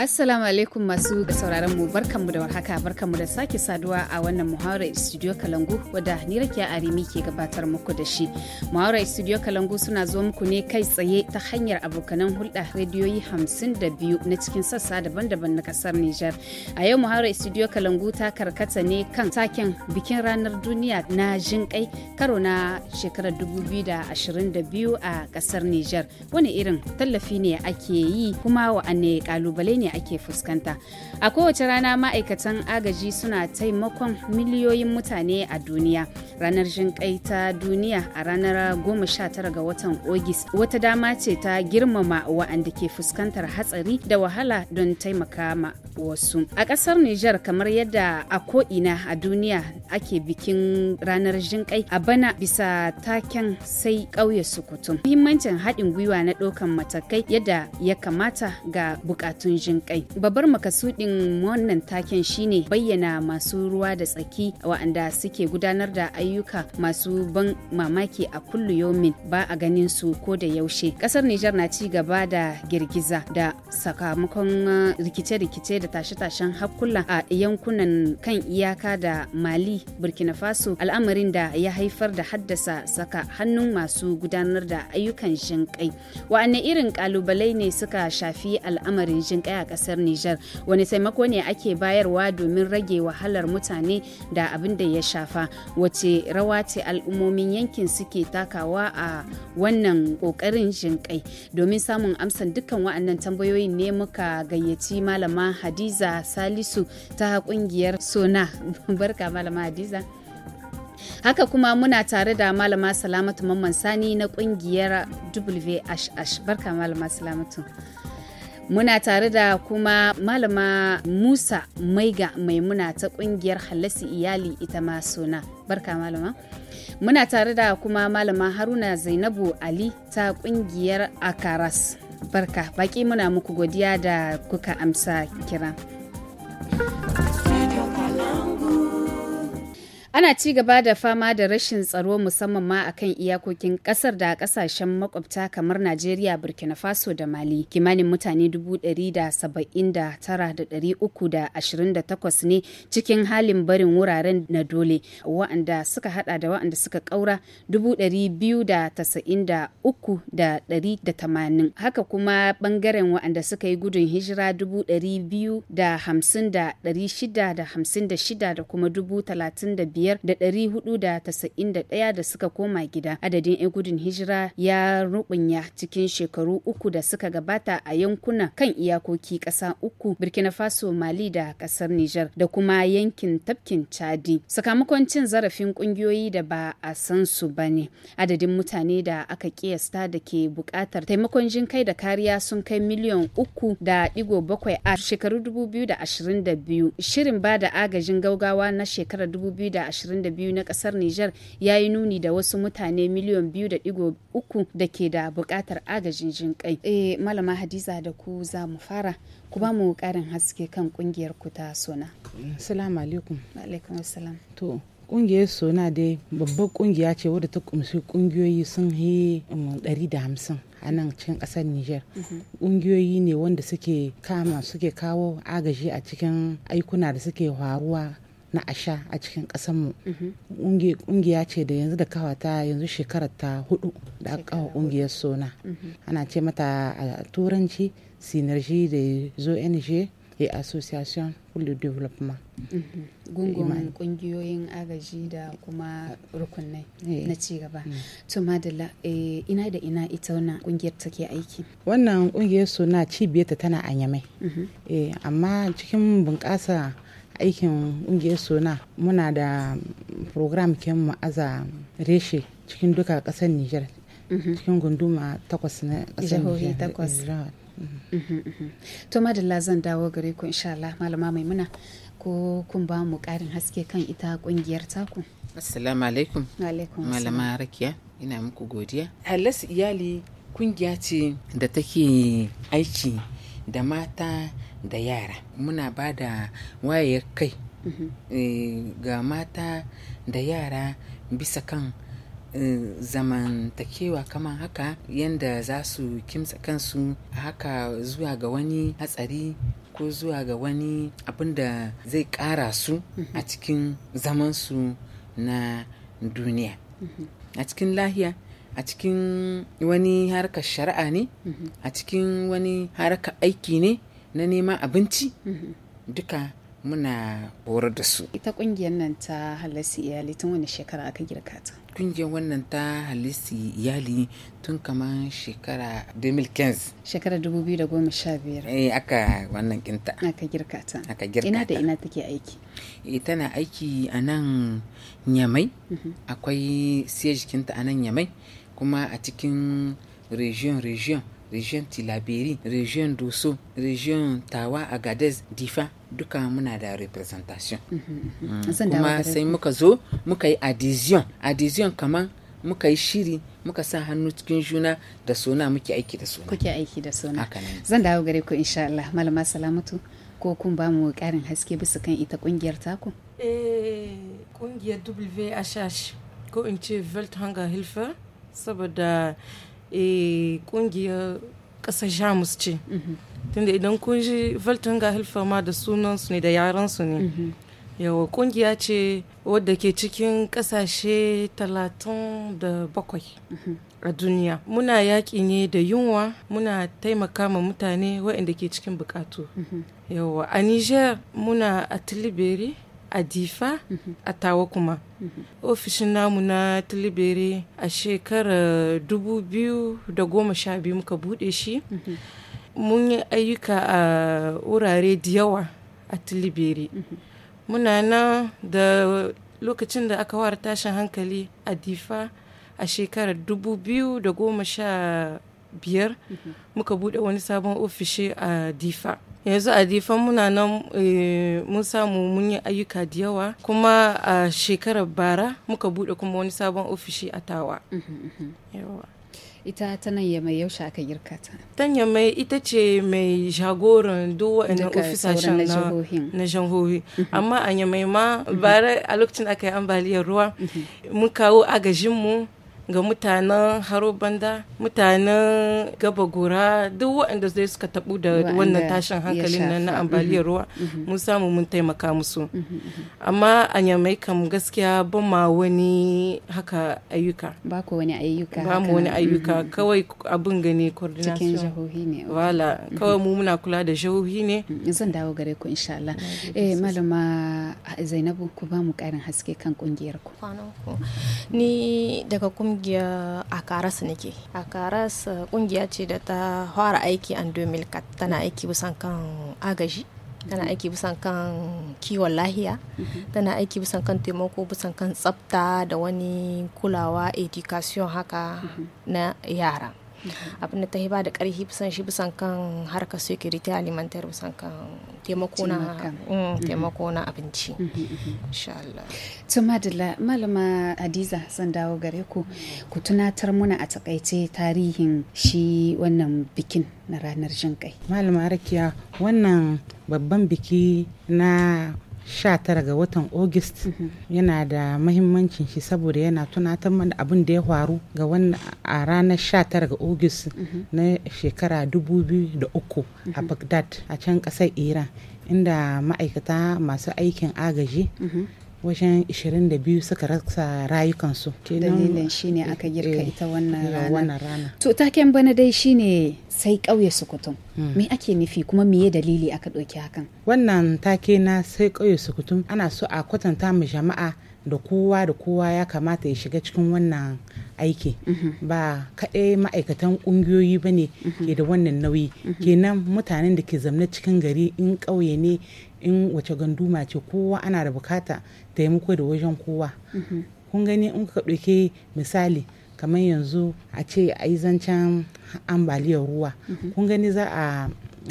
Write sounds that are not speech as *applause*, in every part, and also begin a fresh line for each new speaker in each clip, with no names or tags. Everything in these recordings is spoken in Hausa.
Assalamu alaikum masu sauraron mu barkanmu da warhaka barkanmu da sake saduwa a wannan muhawara studio Kalangu wadda ni rakiya Arimi ke gabatar muku da shi. Muhawara studio Kalangu suna zo muku ne kai tsaye ta hanyar abokanan hulɗa rediyoyi hamsin da na cikin sassa daban-daban na kasar Nijar. A yau muhawara studio Kalangu ta karkata ne kan taken bikin ranar duniya na jin kai karo na shekarar 2022 a kasar Nijar. Wani irin tallafi ne ake yi kuma wa'anne kalubale ne ake fuskanta a kowace rana ma'aikatan agaji suna taimakon miliyoyin mutane a duniya ranar jinƙai ta duniya a ranar 19 ga watan ogis wata dama ce ta girmama wa'anda ke fuskantar hatsari da wahala don taimaka ma wasu a ƙasar nijar kamar yadda a ko'ina a duniya ake bikin ranar jinƙai a bana bisa taken sai ƙauye sukutum muhimmancin haɗin gwiwa na ɗaukan matakai yadda ya kamata ga buƙatun jinƙai kai babbar makasudin wannan taken shine bayyana masu ruwa da tsaki wa'anda suke gudanar da ayyuka masu ban mamaki a kulliyomin ba a ganin su ko da yaushe kasar Nijar na ci gaba da girgiza da sakamakon uh, rikice-rikice da tashe-tashen hakkula a yankunan kan iyaka da Mali Burkina Faso al'amarin da ya haifar da haddasa saka hannun masu gudanar da ayyukan jinƙai wa'anne irin kalubalai ne suka shafi al'amarin jin a kasar Nijar wani taimako ne ake bayarwa domin rage wahalar mutane da abin da ya shafa wace rawa ce al'ummomin yankin suke takawa a wannan kokarin kai. domin samun amsan dukkan wa'annan tambayoyin ne muka gayyaci malama Hadiza Salisu ta kungiyar Sona *laughs* barka malama Hadiza haka kuma muna tare da malama salamatu mamman sani na kungiyar whh barka malama salamatu Muna tare da kuma malama Musa Maiga Maimuna ta kungiyar Halasi Iyali ita ma suna. Barka malama. Muna tare da kuma malama Haruna Zainabu Ali ta kungiyar Akaras. Barka, baki muna muku godiya da kuka amsa kira. ana ci gaba da fama da rashin tsaro musamman ma akan iyakokin kasar da kasashen makwabta kamar najeriya burkina faso da mali kimanin mutane 179,328 ne cikin halin barin wuraren na dole wa'anda suka hada da wa'anda suka kaura 293,180 haka kuma bangaren wa'anda suka yi gudun hijira 250,656 da kuma 35 biyar da da tasa'in da ɗaya da suka koma gida adadin 'yan gudun hijira ya rubunya cikin shekaru uku da suka gabata a yankuna kan iyakoki ƙasa uku burkina faso mali da ƙasar nijar da kuma yankin tafkin chadi sakamakon cin zarafin ƙungiyoyi da ba a san su ba ne adadin mutane da aka kiyasta da ke buƙatar taimakon jin kai da kariya sun kai miliyan uku da digo bakwai a shekaru 2022 shirin ba da agajin gaugawa na shekarar 22 na kasar Nijar ya yi nuni da wasu mutane miliyan 2.3 da ke da bukatar agajin jin kai. Eh malama Hadiza da ku za mu fara ku ba mu karin haske kan kungiyar ku ta Sona. Assalamu alaikum. Alaikum assalam. To
kungiyar Sona dai babbar kungiya ce wadda ta kumshi kungiyoyi sun yi um, hamsin a nan cikin kasar Niger. Ƙungiyoyi mhm. ne wanda suke kama suke kawo agaji a cikin aikuna da suke faruwa na asha a cikin ƙasanmu mm-hmm. ƙungiya ce da yanzu da kawata yanzu shekarar ta hudu da aka kawo ƙungiyar sona mm-hmm. ana ce mata a turanci da zo NG a association for the development.
Mm-hmm. gungun kungiyoyin agaji da kuma rukunai eh. na cigaba mm. to madalla eh, ina da ina ita wannan kungiyar take aiki
wannan kungiyar sona cibiyarta tana a yamai eh, amma cikin bunƙasa aikin ƙungiyar suna muna da program mu aza reshe cikin duka ƙasar niger mhm. cikin gunduma takwas na ƙasar niger mhm,
mhm. to madalla zan dawo gare ku insha Allah malama maimuna ko kun ba mu ƙarin haske kan ita ƙungiyar taku
assalamu alaikum malama rakiya ina muku godiya
halas iyali kungiya ce
da take aiki da mata da yara muna ba da wayar kai mhm. eh, ga mata da yara bisa kan eh, zamantakewa kamar haka yadda za su kimsa kansu haka zuwa ga wani hatsari ko zuwa ga wani abin da zai kara su mhm. a cikin zamansu na duniya mhm. a cikin lahiya a cikin wani harkar shari'a ne a cikin wani harkar aiki ne na neman abinci mhm. duka muna horar da su ita
kungiyar nan ta halarci iyali tun wani shekara aka girka ta
kungiyar wannan ta halarci iyali tun kamar shekara 2015
shekara 2015
eh aka wannan kinta aka girka ta aka girka ina da ina take aiki eh tana aiki a nan nyamai mhm. akwai siya jikinta a nan nyamai kuma a cikin region region region tilaberi region doso region tawa agadez difa duka muna da representation
mhm, mhm. Mm. kuma sai
muka zo muka yi adhesion adhesion kamar muka yi shiri muka sa hannu
cikin juna da suna muke aiki da suna kuke aiki da suna zan dawo gare ku insha Allah malama salamatu ko kun ba mu karin haske bisa kan ita kungiyar taku
eh kungiyar WHH ko in ce Welt Hunger Hilfe saboda E kungiyar ƙasar jamus ce mhm. tunda idan kun ji hilfama da sunansu ne da yaransu ne mhm. yawa kungiya ce wadda ke cikin kasashe 37 mhm. a duniya muna yaƙi ne da yunwa muna taimaka ma mutane waɗanda ke cikin bukatu yawa a niger muna a tilibiri a difa mhm. a tawa kuma mhm. ofishin namu na tilibiri a shekarar 2012 muka bude shi mhm. mun yi ayyuka a wurare da yawa a tilibiri muna nan da lokacin da aka wara tashin hankali a difa a shekarar sha. biyar mhm. muka bude wani sabon ofishi a difa yanzu a difa muna nan eh, mun samu mun yi ayyuka da yawa kuma a shekarar bara muka bude kuma wani sabon ofishi a tawa mhm,
mhm. ita ta nan mai yaushe aka girka ta
tan mai ita ce mai jagoran duk waɗannan ofisashen na jihohi amma a mai ma bara a lokacin aka yi ambaliyar ruwa mun kawo agajinmu ga mutanen harobanda mutanen gaba gora duk waɗanda zai suka tabu da wannan tashin hankalin nan na ambaliyar ruwa mm-hmm, mm-hmm. mun samu mun taimaka musu mm-hmm, amma a nyamai kam gaskiya ba ma wani haka ayyuka ba ku wani ayyuka ba mu wani ayyuka kawai abin gani coordination cikin ne wala kawai mu muna
kula da jihohi ne zan dawo gare ku insha Allah eh malama Zainabu ku ba mu karin haske kan kungiyar ku ni daga kungiyar kungiyar
akaras nake akaras kungiya eh, ce da ta fara aiki an 2004 tana aiki busan kan agaji tana aiki busan kan kiwon lahiya mhm. tana aiki busan kan taimako busan kan tsafta da wani kulawa education haka mhm. na yara abinda ta ba da karfi bisan shi bisan kan harka security alimentar bisan kan taimako na mm, mm-hmm. abinci mm-hmm, mm-hmm.
insha Allah malama Hadiza zan dawo gare ku ku tunatar muna a takaice tarihin shi wannan bikin na ranar jin kai malama
Rakiya wannan babban biki na 19 ga watan august mhm. yana da mahimmancin shi saboda yana tunatar mana abin da ya faru ga a ranar 19 ga august mhm. na shekara 2003 a mhm. baghdad a can kasar iran inda ma'aikata masu aikin agaji wajen 22 suka rasa rayukansu dalilin
shine aka eh, girka ita eh, wannan rana to taken bana dai shine sai ƙauye sukutum hmm. me ake nufi kuma meye dalili aka ɗauki hakan
wannan take na sai ƙauye sukutum ana so a kwatanta mu jama'a da kowa da kowa ya kamata ya shiga cikin wannan aiki mhm. ba kaɗai ma'aikatan ƙungiyoyi ba ne mhm. ke da wannan nauyi mhm. kenan mutanen da ke zamna cikin gari in ƙauye ne in wace ganduma ce kowa ana da bukata taimako da wajen kowa kun gani in ka ɗauke misali kamar yanzu a ce a yi zancen ambaliyar ruwa kun gani za a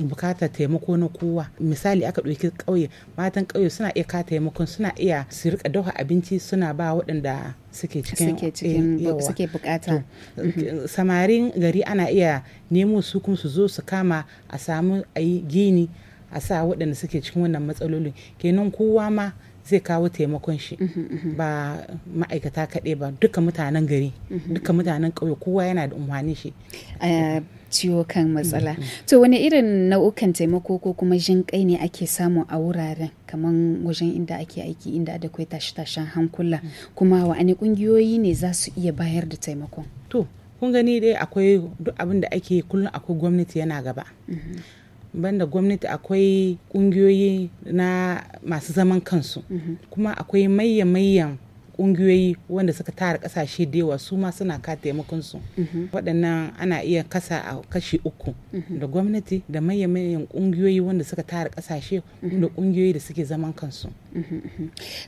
bukatar taimako na kowa misali aka ɗauki ƙauye matan ƙauye suna iya ka taimakon suna iya su rika dauka abinci suna ba waɗanda suke cikin suke eh, bukata mhm. samarin gari ana iya nemo su kuma su zo su kama a samu a yi gini a sa waɗanda suke cikin wannan matsalolin kenan kowa ma zai kawo taimakon shi mhm, mhm. ba ma'aikata kaɗai ba duka mutanen gari duka mutanen
ƙauye kowa yana da umarni shi eh, ciwo kan matsala mm, mm. to wani irin nau'ukan taimako ko kuma jin kai ne ake samu a wuraren kamar wajen inda ake aiki inda da kwai tashi tashen hankula mm. kuma wani kungiyoyi ne za su iya bayar da taimako.
to kun gani dai akwai duk abin da ake kullum akwai gwamnati yana gaba mm-hmm. banda gwamnati akwai kungiyoyi na masu zaman kansu mm-hmm. kuma akwai mayyan mayyan kungiyoyi wanda suka tara kasashe da yawa su ma suna ka taimakon su mhm. waɗannan ana iya kasa a kashi uku mhm. da gwamnati da manyan kungiyoyi wanda suka tara kasashe mhm. da kungiyoyi da suke zaman kansu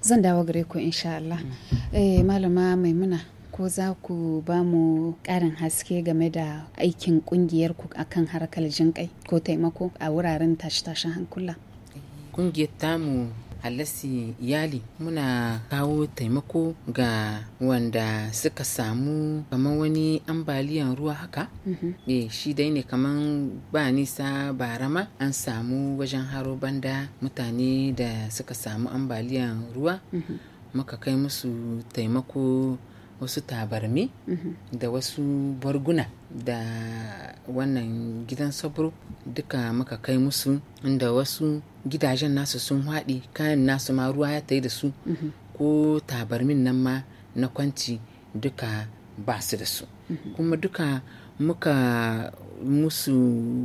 zan dawo gare ku insha Allah eh malama maimuna ko za ku ba mu ƙarin haske game da aikin ƙungiyar ku akan harkar jinƙai ko taimako a wuraren tashe-tashen hankula
kungiyar tamu halassi iyali muna kawo taimako ga wanda suka samu kamar wani ambaliyan ruwa haka mhm. eh shi dai ne kamar ba nisa ba barama an samu wajen haro banda mutane da suka samu ambaliyan ruwa mhm. muka kai musu taimako wasu tabarmi mhm. da wasu barguna da wannan gidan sabro duka muka kai musu inda wasu gidajen nasu sun haɗi kayan nasu ma ruwa ya tayi da su mhm. ko tabarmin nan ma na kwanci duka ba su da su mhm. kuma duka muka musu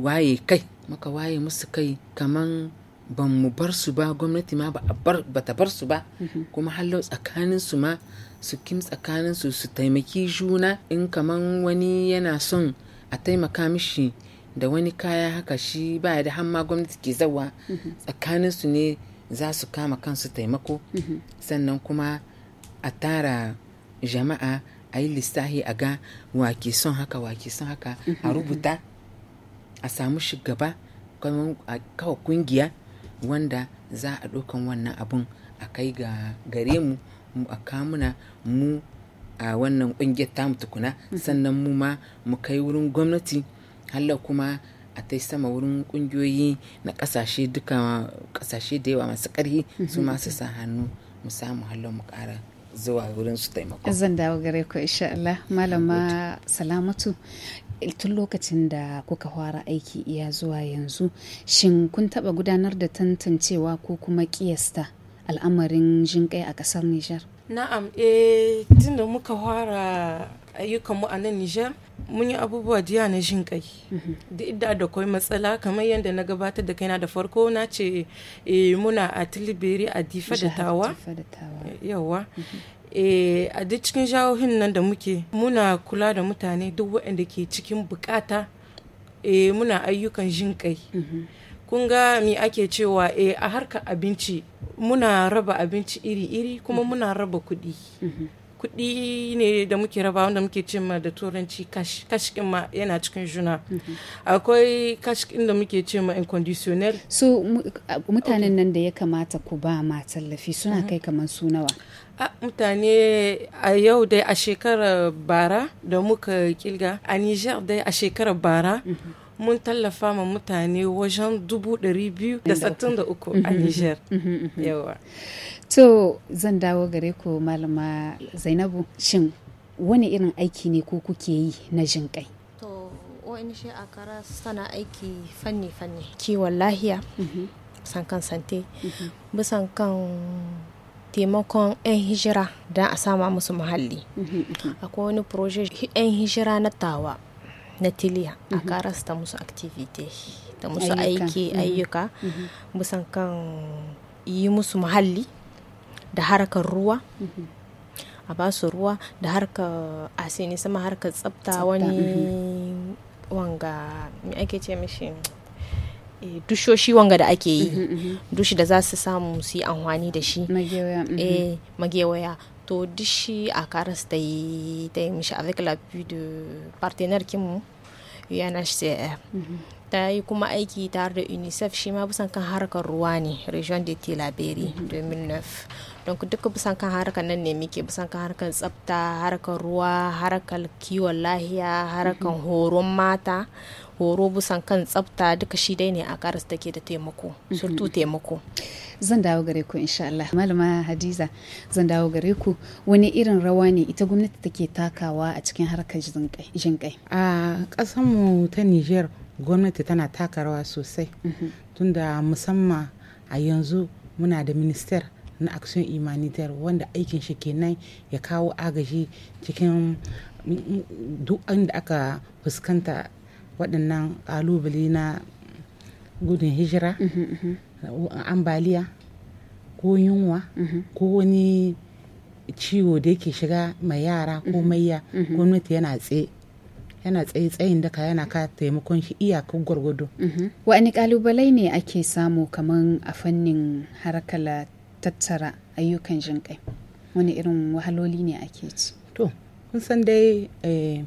waye kai muka waye musu kai kaman ban mu bar su ba gwamnati ma ba ta bar su ba kuma hallo tsakanin su ma su kim tsakaninsu su taimaki juna in kaman wani yana son a taimaka mishi da wani kaya haka shi ba da hamma gwamnati ke zawa mhm. tsakaninsu ne za su kama kansu taimako mhm. sannan kuma a tara jama'a a yi lissahi a ga wake son haka wake son haka mhm. a rubuta a samu shugaba kawo kungiya wanda za a ɗaukan wannan abun a kai ga gare mu mu a kamuna mu a wannan ƙungiyar tamu tukuna mm-hmm. sannan mu ma mu kai wurin gwamnati halla kuma a ta sama wurin ƙungiyoyi na ƙasashe duka ƙasashe da yawa masu ƙarfi mm-hmm. su masu sa hannu mu samu halla mu ƙara zuwa wurin su taimako.
Zan dawo gare ku insha Allah malama salamatu tun lokacin da kuka fara aiki iya zuwa yanzu shin kun taɓa gudanar da tantancewa ko kuma ƙiyasta al'amarin jinƙai a kasar Nijar?
Na'am, eh tun muka fara ayyukanmu a nan Nijar, mun yi abubuwa jiya na jin kai mhm. da idda da kwai matsala kamar yadda na gabatar da kaina da farko na ce eh, muna a tilibiri a difa da tawa yawa eh, mhm. eh, a duk cikin jahohin nan da muke muna kula da mutane duk waɗanda ke cikin bukata muna ayyukan jin kai mm -hmm. kun ga mi ake cewa e a harkar abinci muna raba abinci iri-iri kuma mm-hmm. muna raba kuɗi mm-hmm. kuɗi ne da muke raba wanda muke ce ma da turanci kash kash ma yana cikin juna mm-hmm. akwai kash da muke ce ma
inconditionnel so mutanen nan da ya kamata ku ba ma tallafi suna kai kamar su nawa
a mutane a yau dai a shekarar bara da muka kilga a niger dai a shekarar bara mun tallafa ma mutane wajen dubu dari biyu da da uku a mhm, mhm, Nijar. Mhm, Yawa.
To zan dawo gare ku malama Zainabu shin wani irin aiki ne ko kuke yi na jin kai?
To a Akara sana aiki fanni-fanni kiwon lahiya. san kan sante bisan kan taimakon 'yan hijira don a sama musu muhalli akwai wani proje 'yan hijira na tawa na tiliya a mhm. karasta musu activity da musu aiki mhm. ayyuka mhm. musan kan yi musu muhalli da harkar ruwa a ba su ruwa da harkar asini sama harkar tsafta wani wanga mai ake ce mishi eh, dushoshi wanga da ake yi dushi da za su samu su yi amfani da shi magewaya eh, to duk shi a karas ta yi ta yi mishi avec de partenaire mu UNHCR mhm. ta yi kuma aiki tare da unicef shi ma bisan kan harkar ruwa ne region de tilaberi 2009 mhm. don duka bisan kan harkar nan ne muke bisan kan harkar tsafta harkar ruwa harkar kiwon lahiya harkar mm-hmm. horon mata horo busan kan tsafta duka shi dai ne a karas
da ke da taimako mm-hmm. surtu taimako zan dawo gare ku insha Allah malama Hadiza zan dawo gare ku wani irin rawa ne ita gwamnati take takawa a cikin harkar kai a ƙasarmu ta Niger gwamnati tana taka rawa sosai mm-hmm.
tunda musamman a yanzu muna da minister na action humanitaire wanda aikin shi kenan ya kawo agaji cikin duk da aka fuskanta waɗannan kalubale na gudun hijira uhm, uhm, uhm. ambaliya ko yunwa ko wani ciwo da yake shiga mai yara ko maiya gwamnati yana tse yana tsaye tsayin daka yana ka taimakon shi iyakar gwargwado.
Wa'ani ƙalubalai ne ake samu kaman a fannin harkala tattara ayyukan jin kai wani irin wahaloli ne ake ci
to kun san dai eh,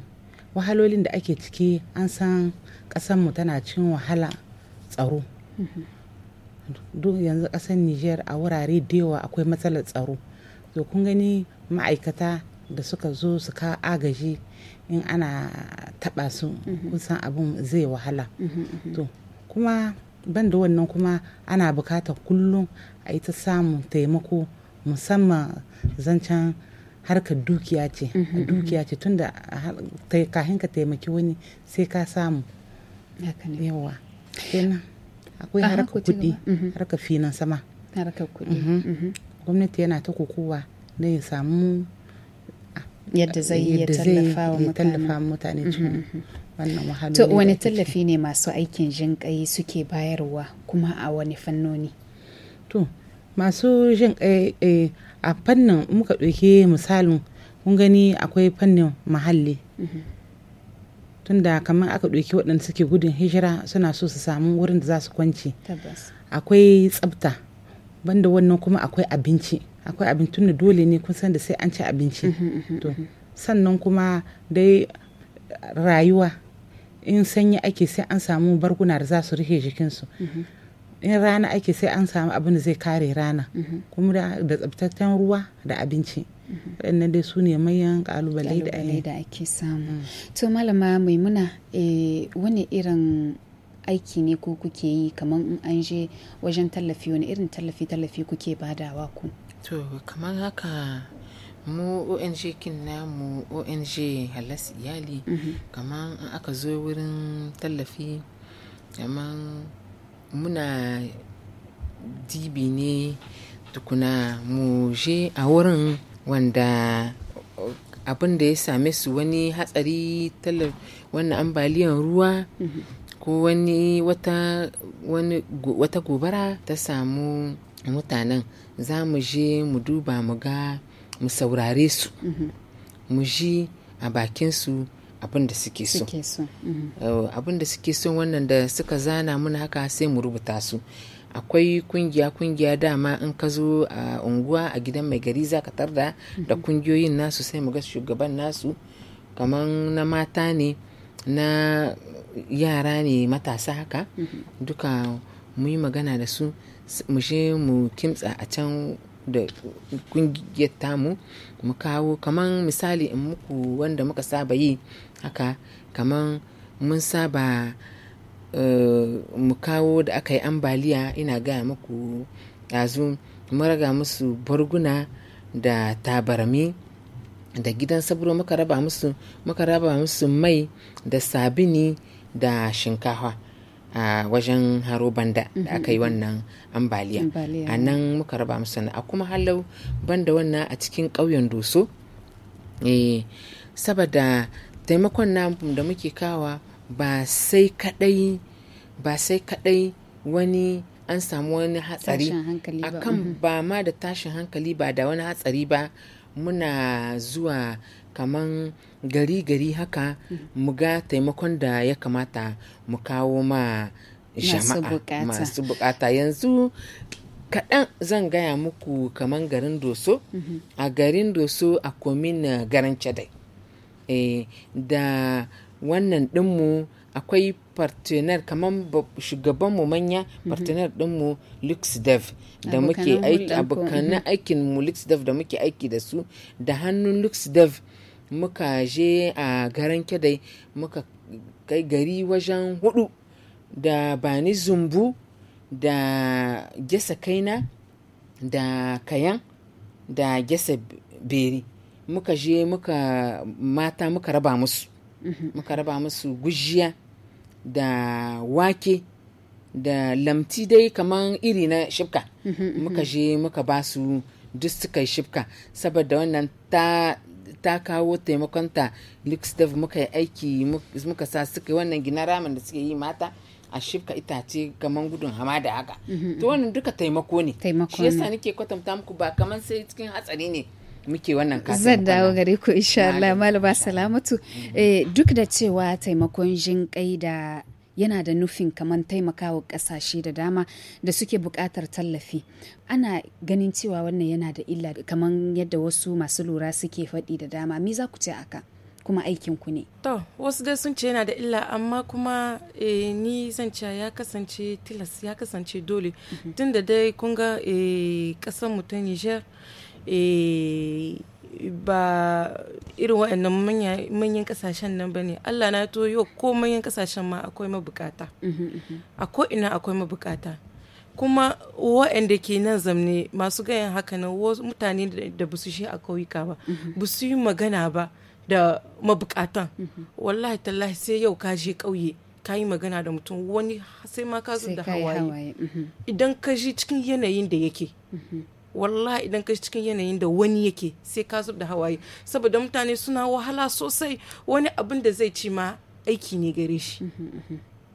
wahalolin da ake ciki an san ƙasanmu tana cin wahala tsaro mm-hmm. duk yanzu ƙasar niger a wurare da yawa akwai matsalar tsaro to kun gani ma'aikata da suka zo su ka agaji in ana taɓa su mm-hmm. kun san abin zai wahala mm-hmm, to kuma ban da wannan kuma ana bukatar kullum a yi ta samun taimako musamman zancen harkar dukiya ce mm-hmm, mm-hmm. dukiya ce tunda kahin ka taimaki wani sai ka samu yawa akwai harkar kudi mm-hmm. harkar finan sama harkar kudi gwamnati yana ta kokowa na ya samu yadda zai tallafa wa mutane
wannan wahalolin to wani tallafi ne masu aikin jin kai suke bayarwa kuma a wani fannoni to
masu kai eh, a fannin muka ɗauke misalin kun gani akwai fannin muhalli mhm. tunda kamar aka ɗauki waɗanda suke gudun hijira suna so su samu wurin da za su kwanci akwai tsafta banda wannan kuma akwai abinci akwai abinci da dole ne kun san da sai an ci abinci mhm, mhm, sannan kuma dai rayuwa in sanyi ake sai an samu barguna da za su rufe jikinsu in rana ake sai an samu abin da zai kare rana kuma da tsabtaccen ruwa da abinci wadannan dai su ne manyan kalubale da ake samu mm.
to malama maimuna eh, wani irin aiki ne ko kuke yi kamar in an je wajen tallafi wani irin tallafi tallafi kuke badawa ku to kamar
haka mu ong kin mu ong halas iyali mhm. kamar an aka zo wurin tallafi kamar muna dibi ne tukuna mu je a wurin wanda abin da ya same su wani hatsari wannan ambaliyan ruwa mhm. ko wani wata gobara ta samu mutanen za mu je mu duba mu ga mu saurare su mhm. mu ji a bakinsu abin da suke so
mhm.
abin da suke so wannan da suka zana mun haka sai mu rubuta su akwai kungiya kungiya dama in ka zo a unguwa a gidan mai gari za ka tarda mhm. da kungiyoyin nasu sai mu ga shugaban nasu kamar na mata ne na yara ne matasa haka duka mu yi magana da su mu je mu kimtsa a can da kungiyar tamu mu kawo kaman misali in muku wanda muka saba yi haka kaman mun saba eh, mu kawo da aka yi ambaliya ina gaya muku yanzu mun raga musu barguna da tabarami da gidan sabro muka raba musu mai da sabini da shinkafa a wajen haro banda da aka yi wannan ambaliya a nan muka raba musu sana'a kuma halau banda wannan a cikin ƙauyen doso eh, saboda taimakon namu da muke kawa ba sai kadai ba sai kadai wani an samu wani hatsari akan mm-hmm. ba ma da tashin hankali ba da wani hatsari ba muna zuwa kaman gari-gari haka mm-hmm. mu ga taimakon da ya kamata mu kawo ma jama'a masu bukata yanzu kaɗan zan gaya muku kaman garin doso mm-hmm. a garin doso a komin uh, garin chadai eh, da wannan ɗinmu akwai partner kamar shugabanmu manya mm-hmm. partner dinmu luxdev da muke aiki abokanan aikin mu luxdev da muke aiki da su da hannun luxdev muka je a garin kidai muka kai gari wajen hudu da bani zumbu da gesa kaina da kayan da gesa beri muka je muka mata muka raba musu mhm. muka raba musu gujiya da wake da lamti dai kaman iri na shifka mhm, mhm, muka je muka ba su duk suka yi shifka saboda wannan ta ta kawo taimakonta Luke Steve muka yi aiki muka sa suka wannan gina ramin da suke yi mata a shifka itace kamar gudun hamada haka. Mm-hmm. To wannan duka taimako ne. Shi yasa nake kwatanta muku ba kamar sai cikin hatsari ne muke wannan kasan zan dawo
gare ku insha Allah malama salamatu mm-hmm. eh, duk da cewa taimakon jin kai da yana da nufin kamar taimakawa kasashe da dama da suke buƙatar tallafi ana ganin cewa wannan yana da illa kamar yadda wasu masu lura suke faɗi da dama me za ku ce aka kuma aikin ku ne to
wasu dai sun ce yana da illa amma kuma e, ni zan ce ya kasance tilas ya kasance dole mhm. tun da dai kun ga e, eh, kasar mu ta Niger eh, ba irin waɗannan manyan kasashen nan ba ne allah na to yau ko manyan kasashen ma akwai mabukata mhm, mhm. a ko ina akwai mabukata kuma waɗanda ke nan zamne masu gayan haka nan mutane da ba su shi a kauyuka ba mhm. ba yi magana ba da mabukatan mhm. wallahi tallahi sai yau ka je ƙauye ka yi magana da mutum wani sai ma ka da hawaye mhm. idan ka ji cikin yanayin da yake wallahi idan ka cikin yanayin da wani yake sai ka da hawaye saboda mutane suna wahala sosai wani abin da zai ci ma aiki ne gare shi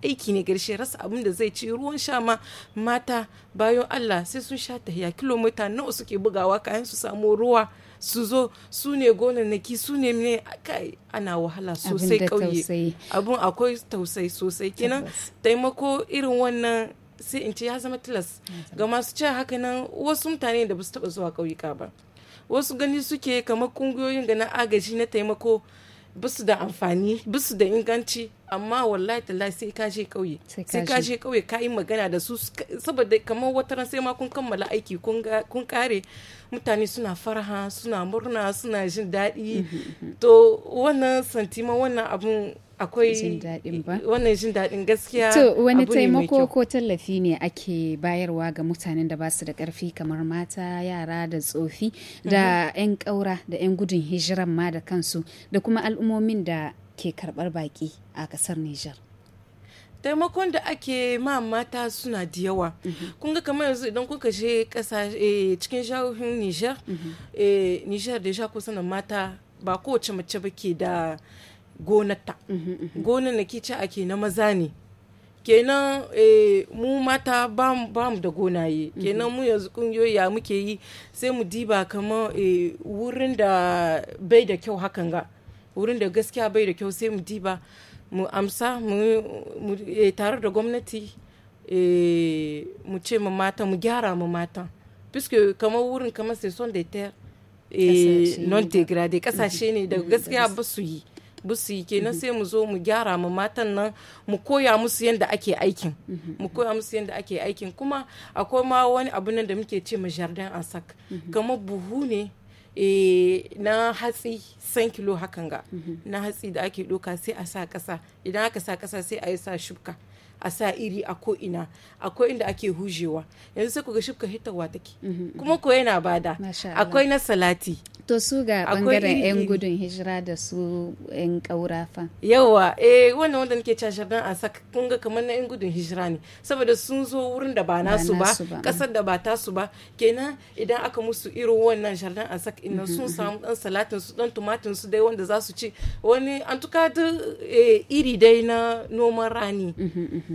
aiki ne garshe rasa abin da zai ci ruwan sha ma mata bayan Allah sai sun sha tahiya kilomita nawa suke bugawa kayan su samu ruwa su zo su ne gonanaki su ne ne kai ana wahala sosai kauye abun akwai tausayi sosai kenan taimako irin wannan sai in ce ya zama tilas ga masu cewa haka nan wasu mutane da ba su taba zuwa kauyuka ba wasu gani suke kamar kungiyoyin ga na agaji na taimako basu da amfani basu da inganci amma wallahi tallahi sai ka je kauye sai ka je kauye ka yi magana da su saboda kamar wata ran sai ma kun kammala aiki kun kare mutane suna farha suna murna suna jin daɗi mm-hmm, mm-hmm. to wannan santima wannan abun akwai wannan jin daɗin gaskiya to wani taimako
ko tallafi ne ake bayarwa ga mutanen da ba su da ƙarfi kamar mata yara da tsofi da 'yan mhm. ƙaura da 'yan gudun hijiran ma da kansu da kuma al'ummomin da ke karɓar baƙi a ƙasar Nijar.
taimakon da ake ma mata suna da yawa mhm. kun ga kamar yanzu idan kuka je eh, cikin shahuhin nijar mhm. eh, nijar da sha kusa mata ba kowace mace ba ke da Gonata gonan da ke ci ake na maza ne kenan eh, mu mata ba mu da gonaye kenan mu yanzu kungiyoyi ya muke yi sai mu diba kamar eh, wurin da bai da kyau hakan ga wurin da gaskiya bai da kyau sai mu diba mu amsa mu eh, tare da gwamnati mu ce ma mata mu gyara ma mata puisque kamar wurin kamar sai son da non degrade kasashe ne da mm-hmm. gaskiya ba su yi busike su yi kenan mhm. sai mu zo mu gyara mu matan nan mu koya musu yadda ake aikin mhm. mu koya musu yadda ake aikin kuma akwai ma wani abu nan da muke ce ma jardin ansak mhm. kamar buhu ne eh, na hatsi san kilo hakan ga na hatsi da ake doka sai a sa kasa idan aka sa kasa sai a yi sa shuka. a sa iri a ko ina akwai inda ake hujewa yanzu sai ku ga shifka hitarwa take mhm, mhm. kuma ko yana bada akwai na
salati to su ga bangaren yan gudun hijira da su yan kaurafa
yawa eh wannan wanda nake cewa shabdan a saka kun ga kamar na yan gudun hijira ne saboda sun zo wurin da ba nasu ba kasar da ba ta su ba kenan idan aka musu irin wannan shardan a saka inna mhm, sun samu dan salatin su dan tumatin su dai wanda za su ci wani an tuka eh, iri dai na noman rani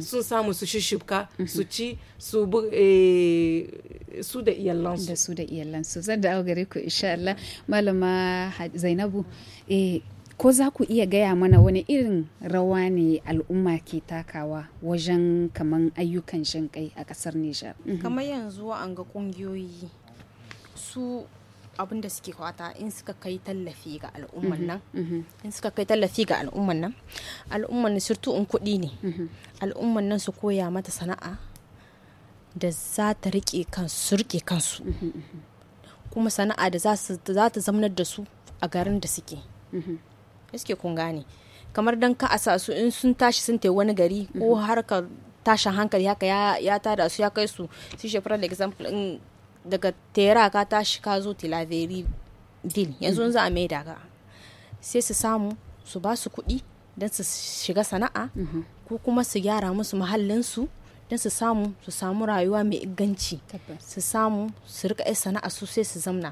Mm-hmm. sun samu su shishibka mm-hmm. su ci
su eh, su da iyalansu da su da iyalansu zan da gare ku insha Allah malama Zainabu eh, ko za ku iya gaya mana wani irin rawa ne al'umma ke takawa wajen kaman ayyukan shinkai a kasar Nijar? Mm-hmm. kamar
yanzu an ga kungiyoyi su abin da suke kwata in suka kai tallafi ga al'umman mhm, nan mhm. in suka kai tallafi ga al'umman nan al'umman surtu in kuɗi ne mhm. al'umman nan su koya mata sana'a da za ta rike kansu rike kansu kuma sana'a da za ta zamanar da su a garin da suke suke kun gane kamar dan ka a su in sun tashi sun tai wani gari ko harkar tashin hankali haka ya tada su ya kai su su shafi example daga tera ka tashi ka zo tilaveri din yanzu za a mai daga sai su samu su ba su kuɗi don su shiga sana'a ko kuma su gyara musu mahallinsu don su samu su samu rayuwa mai inganci su samu su rika yi sana'a su sai su zamna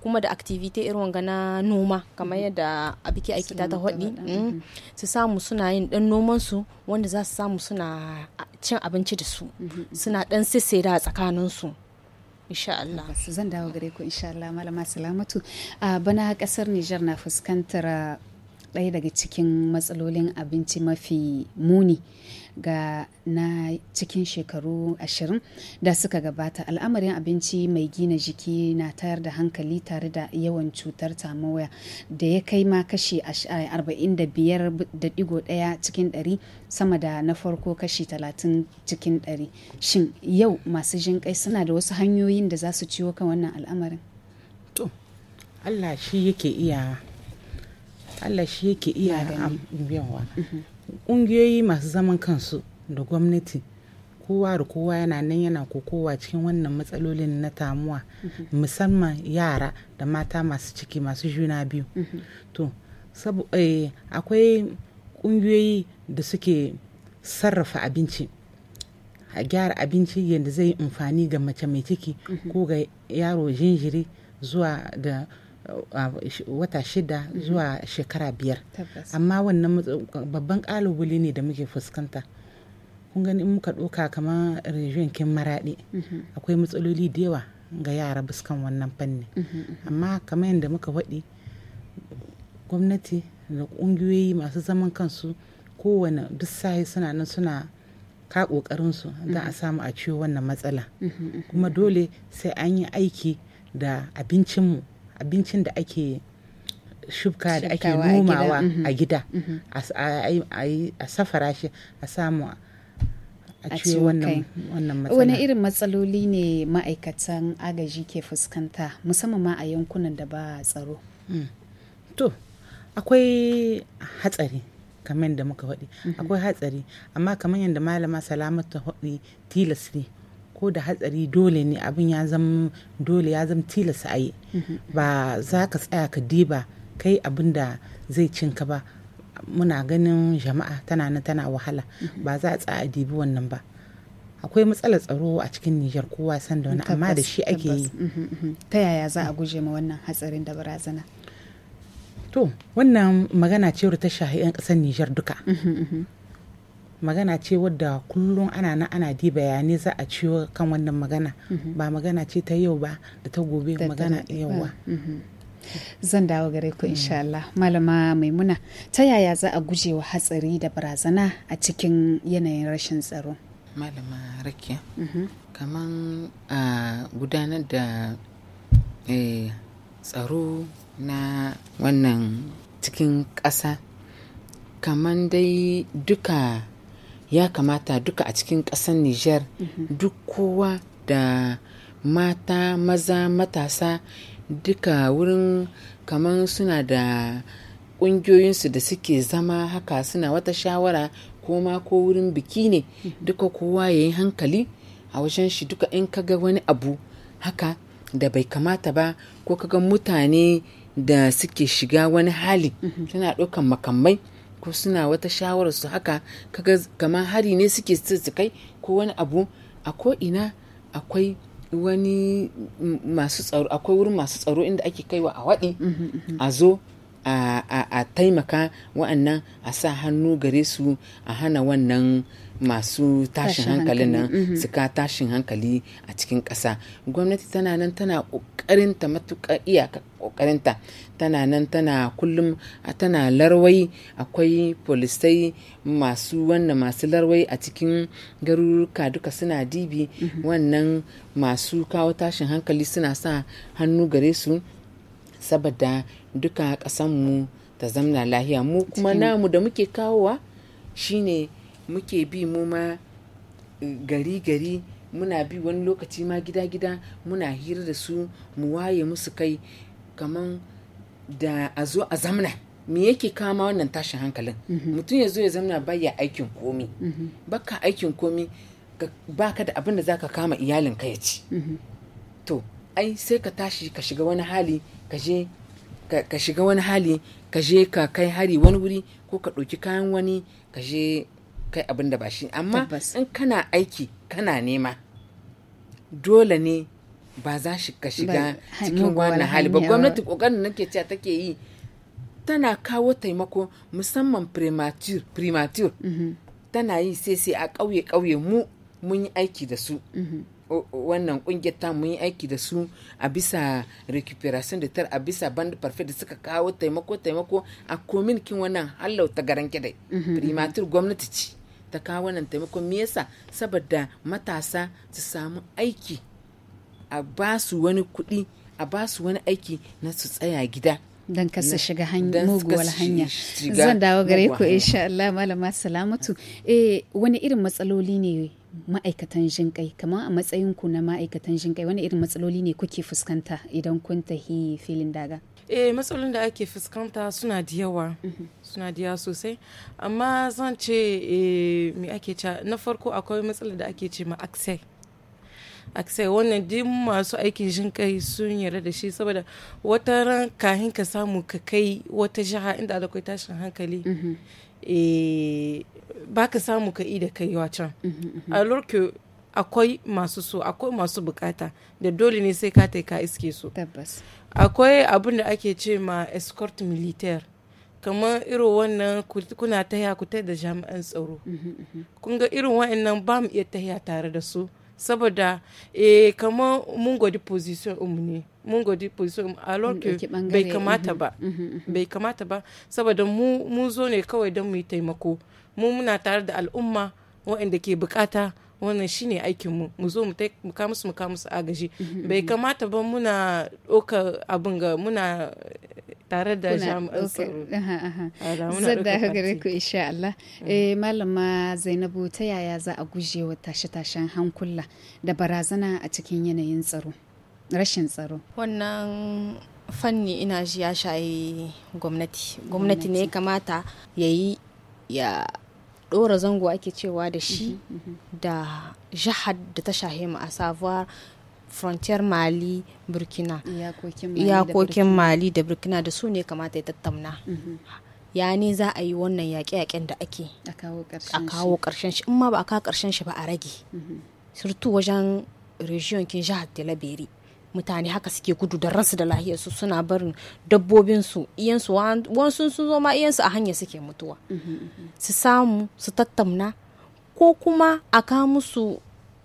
kuma da activity irin wanga na noma kamar mm-hmm. yadda abiki aiki ta hudu mm, mm-hmm. su samu suna yin dan nomansu wanda za su samu suna cin abinci da su mm-hmm. suna
dan sissera a tsakaninsu insha Allah zan dawo gare ku insha Allah malama salamatu a bana kasar Niger na fuskantar ɗaya daga cikin matsalolin abinci mafi muni ga na cikin shekaru ashirin da suka gabata al'amarin abinci mai gina jiki na tayar da hankali tare da yawan cutar tamoya da ya kai ma kashi 45.1 cikin 100 sama da na farko kashi 30 cikin 100 shin yau masu jinƙai suna da wasu hanyoyin da za su ciwo kan wannan al'amarin to
allah shi yake iya Allah shi yake iya yawa. Mhm. ƙungiyoyi masu zaman kansu da gwamnati kowa da kowa yana nan yana kokowa cikin wannan matsalolin na tamuwa mhm. musamman yara da mata masu ciki masu juna biyu mhm. to eh, akwai ƙungiyoyi da suke sarrafa abinci a gyara abinci yadda zai amfani ga mace mai ciki ko ga yaro jinjiri zuwa da wata shida mhm. zuwa shekara biyar amma wannan babban kalubale ne da muke fuskanta kun gani in muka ɗauka kamar region kin maraɗi mhm. akwai matsaloli da yawa ga yara buskan wannan fanni mhm, amma kamar yadda muka waɗi gwamnati da ƙungiyoyi masu zaman kansu kowane duk sahi suna nan suna ka ƙoƙarinsu don a samu a ciwo wannan matsala kuma dole sai an yi aiki da abincinmu abincin da ake shubka da ake nomawa a gida a safara shi a samu a ce wannan matsala. Wani
irin matsaloli ne ma'aikatan agaji ke fuskanta musamman ma a yankunan da ba tsaro?
Mm. To, akwai hatsari kamar yadda muka faɗi, mhm. akwai hatsari, amma kamar yadda malama salamatu faɗi tilas ne ko da hatsari dole ne abin ya zama dole ya zama tilasa a yi ba za ka tsaya ka diba kai abin da zai cinka ba muna ganin jama'a tana na tana wahala ba za a tsaya a dibi wannan ba akwai matsalar tsaro a cikin Nijar kowa san da wani amma da shi ake yi
mm-hmm, mm-hmm. ta yaya za a guje ma wannan hatsarin da barazana
to wannan magana ce ta shahi 'yan ƙasar Nijar duka mm-hmm, magana ce wadda kullum ana na ana di bayanai za a ciwo kan wannan magana mhm. ba magana ce ta yau ba da ta gobe magana yauwa
mhm. zan dawo gare ku insha mm. Allah malama maimuna ta yaya za a guje wa hatsari da barazana a cikin yanayin rashin tsaro
malama rakiya mhm. kaman a gudanar da e, tsaro na wannan cikin ƙasa kaman dai duka ya kamata duka a cikin ƙasar Nijar mhm. duk kowa da mata maza matasa duka wurin kamar suna da ƙungiyoyinsu da suke zama haka suna wata shawara ko ma ko wurin biki ne mhm. duka kowa ya yi hankali a wajen shi duka in kaga wani abu haka da bai kamata ba ko kaga mutane da suke shiga wani hali mhm. suna ɗaukan makamai ko suna wata shawarar su haka kaga kamar hari ne suke su kai ko wani abu a ko ina akwai wani masu tsaro akwai wurin masu tsaro inda ake kaiwa a waɗi
mhm, mhm, mhm. a zo
a taimaka wa'annan a sa hannu gare su a hana wannan masu tashin hankalin nan mhm. su ka tashin hankali a cikin kasa gwamnati tana nan tana kokarinta matuƙa iyaka kokarinta tana nan tana kullum tana larwai akwai polisai masu wannan masu larwai a cikin garuruka duka suna dibi mhm. wannan masu kawo tashin hankali suna sa hannu gare su saboda duka ƙasanmu ta zamna lahiya mu kuma namu da muke kawowa shine muke bi mu ma eh, gari gari muna bi wani lokaci ma gida gida muna hira da su mu waye musu kai kaman da a zo a zamna me yake kama wannan tashin hankalin mhm. mutum ya zo ya zamna baya aikin komi mhm. baka aikin komi baka da abin da za ka kama iyalin ka ya ci mhm. to ai sai ka tashi ka shiga wani hali ka je ka shiga wani hali ka je ka kai hari wani wuri ko ka ɗauki kayan wani ka je kai abin da ba shi amma in kana aiki kana nema dole ne ba za shi ka shiga
cikin wannan hali ba gwamnati
kokarin nake cewa take yi tana kawo taimako musamman primature mhm. tana yi sai sai a ƙauye ƙauye mu mun yi aiki da su mhm. wannan kungiyar ta mun yi aiki da su a bisa recuperation da tar a bisa band perfect da suka kawo taimako taimako a kominkin wannan hallau ta garan kidai mhm, primature gwamnati ce ta kawo wannan taimakon me yasa saboda matasa su samu aiki a ba su wani kuɗi a ba su wani aiki na su tsaya gida
don kasa shiga muguwar hanya zan dawo gare ku insha Allah malama salamatu eh wani irin matsaloli ne ma'aikatan jinƙai kamar a matsayinku na ma'aikatan jinƙai wani irin matsaloli ne kuke fuskanta idan kun tafi filin daga
eh matsalolin da ake fuskanta suna da yawa mhm. suna da yawa sosai amma zan ce eh, me ake ce na farko akwai matsalar da ake ce ma access aksai wannan duk masu aikin jin kai sun yarda da shi saboda wata ran kahin ka samu ka kai wata jiha inda da kai tashin hankali mhm. eh, ba ka samu ka da kai wacan mhm, a lurke akwai masu so akwai masu bukata da dole ne sai ka taika iske su tabbas akwai abin da ake ce ma escort militaire kamar irin wannan kuna ya ku da jami'an tsaro mhm, mhm. kun ga irin wa'annan ba mu iya tahiya tare da su saboda eh kamar mun gwadi position umu ne mun gwadi position alor bai kamata ba mhm, bai kamata ba saboda mu zo ne kawai don mu yi taimako mu muna tare da al'umma waɗanda ke bukata wannan shine aikin mu mu zo mu ka musu mu ka musu agaji mhm, bai mhm. kamata ba muna doka abin ga muna tare da jami'an tsaro
da gare ku insha Allah mhm. eh malama Zainabu ta yaya za a guje wa tashe-tashen hankula da barazana a cikin yanayin tsaro rashin tsaro
wannan fanni ina ji ya shayi gwamnati gwamnati ne kamata ya yi ya ɗora zango ake cewa da shi mhm, mhm. da jihar da ta shahe mu a savoir frontier mali burkina iyakokin mali da burkina da su ne kamata ya tattauna mhm. ya ne za a yi wannan yaƙe-yaƙen da ake a kawo ƙarshen shi in ma ba a kawo ƙarshen shi ba a rage surtu wajen region kin jihar talabiri mutane haka suke gudu da ransu da lahiyarsu suna barin dabbobinsu iyansu wasu sun zo ma iyansu a hanya suke mutuwa su samu su tattamna ko kuma a kawo musu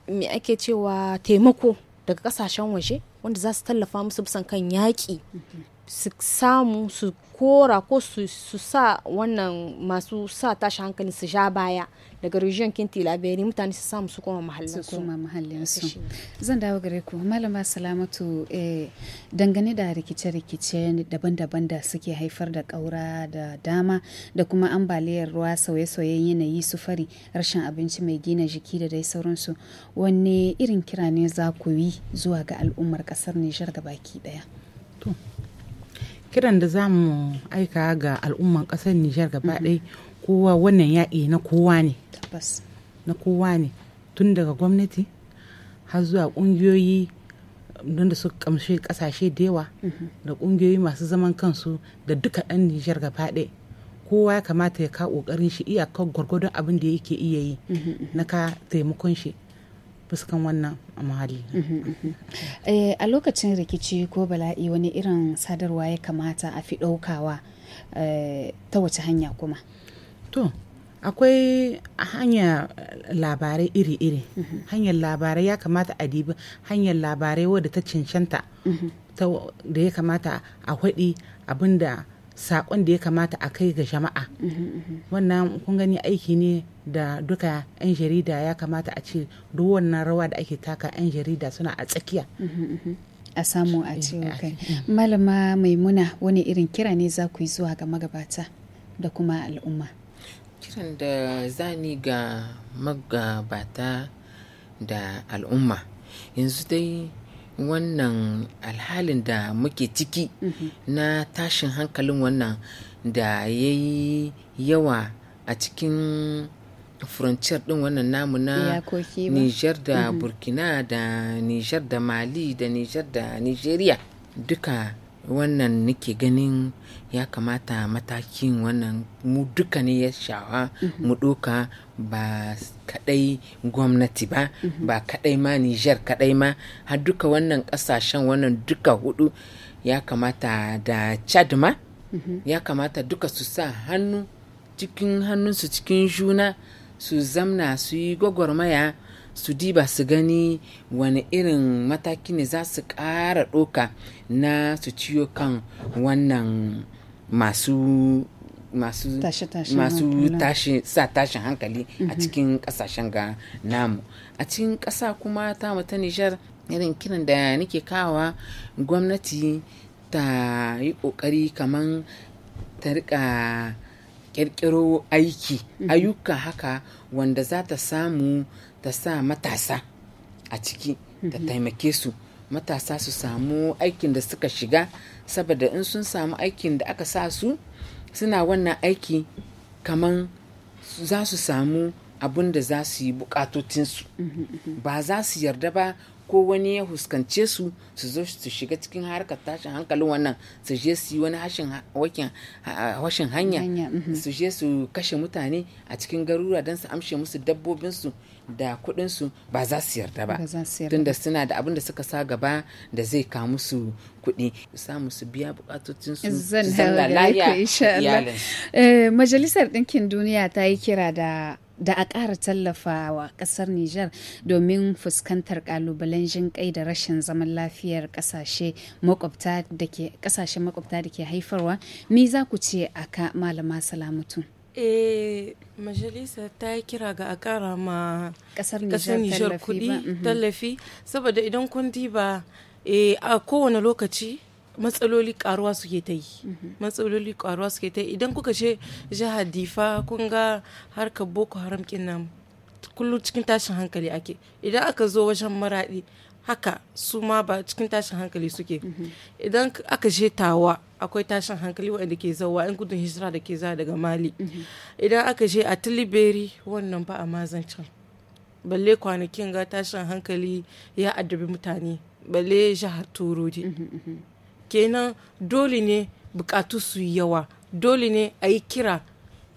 me ake cewa taimako daga kasashen waje wanda za su tallafa musu bisan kan yaƙi su samu su kora ko su sa wannan masu sa tashi hankali su ja baya daga region kinti labari mutane su samu su koma mahallinsu
zan dawo gare ku malama salamatu eh, dangane da rikice-rikice daban-daban da suke haifar da ƙaura da dama da kuma ambaliyar ruwa sauye-sauyen yanayi su fari rashin abinci mai gina jiki da dai sauransu wanne irin kira ne za ku yi zuwa ga al'ummar ƙasar nijar da baki ɗaya
kiran da za mu aika ga al'umman ƙasar nijar gaba ɗaya kowa wannan yaƙi na kowa ne na kowa ne tun daga gwamnati har zuwa ƙungiyoyi don da suka kamshe ƙasashe da yawa mm-hmm. da ƙungiyoyi masu zaman kansu da duka ɗan nijar gaba ɗaya kowa ya kamata ya ka ƙoƙarin shi iyakar gwargwadon abin da yake iya yi mm-hmm, mm-hmm. na ka taimakon shi fuskan wannan muhalli. Mhm, mhm.
Eh, a lokacin rikici ko bala'i wani irin sadarwa ya kamata a fi ɗaukawa eh, ta wace hanya kuma to
akwai hanyar labarai iri-iri mhm. hanyar labarai ya kamata a dibi hanyar labarai wadda ta cancanta da ya kamata a haɗi abinda saƙon da ya kamata a kai ga jama'a wannan kun gani aiki ne da duka 'yan jarida ya kamata a ce duk wannan rawa da ake taka
'yan jarida suna a tsakiya a samu a eh, ce kai mm. malama maimuna wani irin kira ne za ku yi zuwa ga magabata da kuma al'umma kiran
da zani ga magabata da al'umma yanzu dai wannan alhalin da muke ciki mhm. na tashin hankalin wannan da ya yi yawa a cikin frontier din wannan namu na
niger
da mhm. burkina da niger da mali da niger da nigeria duka wannan nake ganin ya kamata matakin wannan mu duka ne ya shawa mu mhm. ɗoka ba kaɗai gwamnati ba mhm. ba kaɗai ma nijar kaɗai ma har duka wannan ƙasashen wannan duka hudu ya kamata da chad ma mhm. ya kamata duka su sa hannu cikin hannunsu cikin juna su zamna su yi gwagwarmaya su diba su gani wani irin mataki ne za su ƙara ɗoka na su ciyo kan wannan masu masu tashi sa tashin hankali a mhm. cikin kasashen ga namu a cikin ƙasa kuma ta ta nijar irin kiran da nake kawa gwamnati ta yi ƙoƙari kaman ta rika ƙirƙiro aiki mhm. ayyuka haka wanda za ta samu ta sa matasa a ciki ta mhm. taimake su matasa su samu aikin da suka shiga saboda in sun samu aikin da aka sa su suna wannan aiki kaman za su samu abun da za su yi bukatotinsu mhm, mhm. ba za su yarda ba ko wani ya huskance su su zo su shiga cikin harkar tashin hankalin wannan su je su yi wani hashin hanya mhm. su je su kashe mutane a cikin garura don su amshe musu dabbobinsu da kuɗinsu ba za su yarda ba tunda suna da abin da suka sa gaba da zai ka musu kuɗi samu su biya
bukatotinsu zan iyalin eh, majalisar ɗinkin duniya ta yi kira da da a ƙara tallafa wa ƙasar Nijar domin fuskantar ƙalubalen jin kai da rashin zaman lafiyar ƙasashe makwabta da ke haifarwa me za ku ce aka malama salamatu
E, eh, majalisa ta yi kira ga a ƙara ma ƙasar Nijar kuɗi mhm. tallafi saboda idan kun diba eh, a kowane lokaci matsaloli karuwa suke ta yi mhm. matsaloli karuwa suke ta yi idan kuka ce jihar difa kun ga harkar boko haram kinnan kullum cikin tashin hankali ake idan aka zo wajen maradi haka su ma ba cikin tashin hankali suke mhm. idan aka je tawa akwai tashin hankali waɗanda ke zauwa yan gudun hijira da ke za daga mali mhm. idan aka je a tilibiri wannan ba a can. balle kwanakin ga tashin hankali ya addabi mutane balle jihar turudi kenan dole ne bukatu su yi yawa dole ne a yi kira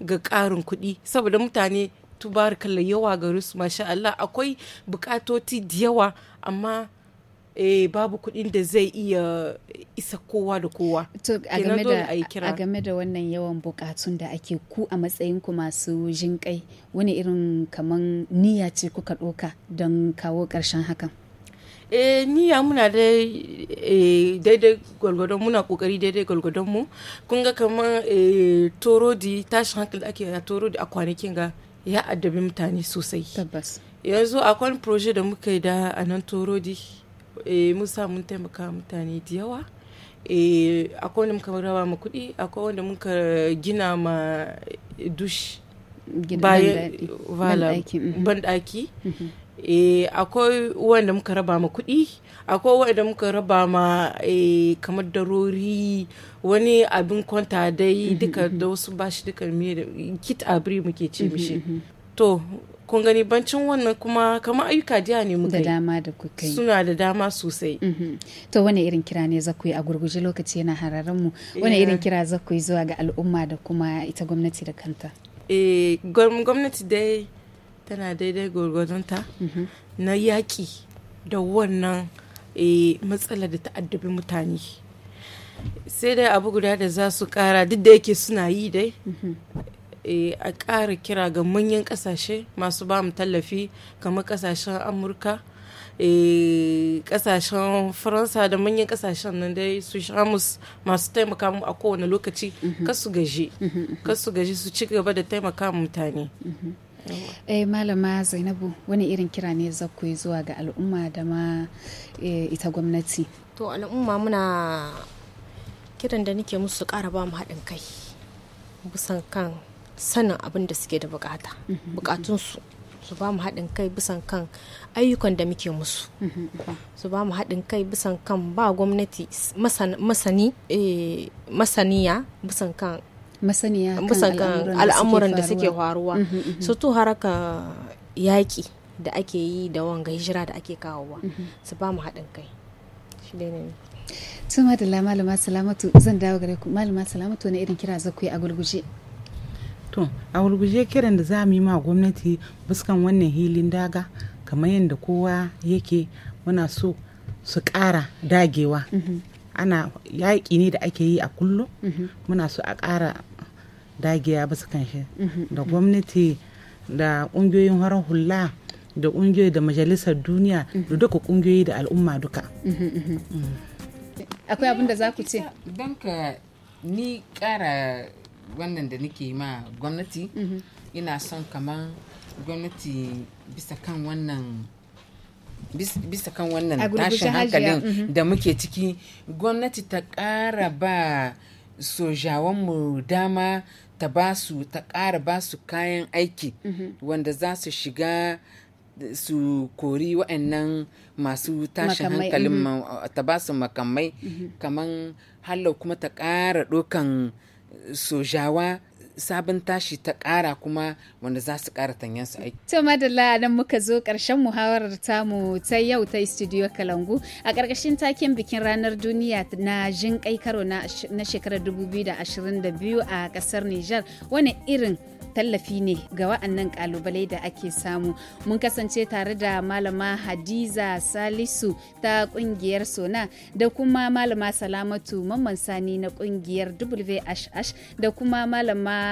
ga ƙarin kuɗi saboda mutane tubarkalla yawa gare su masha Allah akwai bukatoti da yawa amma eh, babu kuɗin da zai iya isa kowa da kowa.
A game da wannan yawan bukatun da ake ku a matsayin ku masu jinƙai wani irin kaman niyya ce kuka ɗoka don kawo ƙarshen hakan.
eh niya muna da eh, daidai gwalgwadon muna kokari daidai gwalgwadon mu kun ga kamar eh, torodi tashin hankali ake a torodi a kwanakin ga ya addabi mutane sosai tabbas yanzu akwai proje da muka yi da a nan torodi eh, mun sa mun taimaka mutane da yawa akwai wanda muka raba ma kuɗi akwai wanda muka gina ma dush bayan ban ɗaki e, akwai wanda muka raba ma kuɗi akwai wanda muka raba ma e, kamar darori wani abin kwanta dai mhm, duka mhm, da mhm. wasu bashi duka kit abri muke ce mishi to kun gani bancin wannan kuma kamar ayyuka jiya ne muka da dama
da kuka yi suna da dama sosai to wani irin kira ne za ku yi a gurguje lokaci yana hararin mu wani eh. irin kira za ku yi zuwa ga al'umma da kuma ita gwamnati da kanta
eh gwamnati dai tana daidai gwargwadonta mhm. na yaƙi da wannan eh, matsalar da ta'addabi mutane sai dai abu guda da za su kara duk da yake suna yi dai mhm. eh, a ƙara kira ga manyan ƙasashe masu ba mu tallafi kamar ƙasashen amurka eh, ƙasashen faransa da manyan ƙasashen nan dai su shamus masu taimaka mu a kowane lokaci mhm. kasu gaji kasu gaji su ci gaba da taimaka mutane
eh malama zainabu wani irin kira ne yi zuwa ga al'umma da ma eh, ita gwamnati to al'umma muna kiran
da nake musu ƙara ba mu haɗin kai bisan kan sanin abin da suke da bukata mhm, mhm. bukatunsu su ba mu haɗin kai bisan kan ayyukan da muke musu mhm, su ba mu haɗin kai bisan kan ba gwamnati eh, masaniya bisan kan
masaniya kan al'amuran da suke faruwa mm, mm, mm. su
to haraka yaƙi da ake yi da wanga hijira da ake kawowa su
ba mu haɗin kai shi dai ne tuma da malama salamatu zan dawo gare ku malama salamatu na irin kira yi a gurguje
to a gurguje kiran da za mu yi ma gwamnati buskan wannan hilin daga kamar yadda kowa yake muna so su ƙara dagewa ana yaƙi ne da ake yi a kullum mhm. muna so a ƙara dagiya bisa kan shi mhm. da gwamnati da ƙungiyoyin horon hula da ƙungiyoyi da majalisar duniya da mhm. duka ƙungiyoyi da al'umma duka mm.
akwai abin da za ku ce don ka
ni ƙara wannan da nake ma gwamnati ina son kamar gwamnati bisa kan wannan bisa kan wannan tashin hankalin mhm. da muke ciki gwamnati ta ƙara ba sojawanmu dama ta ba ta ƙara ba su kayan aiki mhm. wanda za su shiga su kori waɗannan masu tashin hankalin mhm. ta ba su makamai kamar hallau kuma ta ƙara ɗokan sojawa sabon tashi ta ƙara kuma wanda za su ƙara tanyen su aiki.
To madalla nan muka zo ƙarshen muhawarar tamu ta yau ta studio Kalangu a ƙarƙashin taken bikin ranar duniya na jin kai karo na shekarar 2022 a ƙasar Nijar wani irin tallafi ne ga wa'annan ƙalubale da ake samu mun kasance tare da malama hadiza salisu ta kungiyar sona da kuma malama salamatu mamman sani na kungiyar wh da kuma malama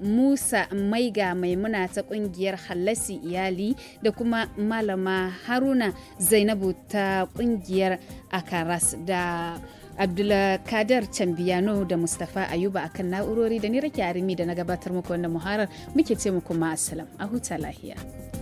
Musa Maiga Maimuna ta kungiyar Halasi Iyali da kuma Malama Haruna Zainabu ta kungiyar Akaras da Abdulkadir Cambiano da Mustapha Ayuba akan na'urori da ni rake arimi da na gabatar muku wannan muharar muke ce muku ma'asalam a huta lahiya.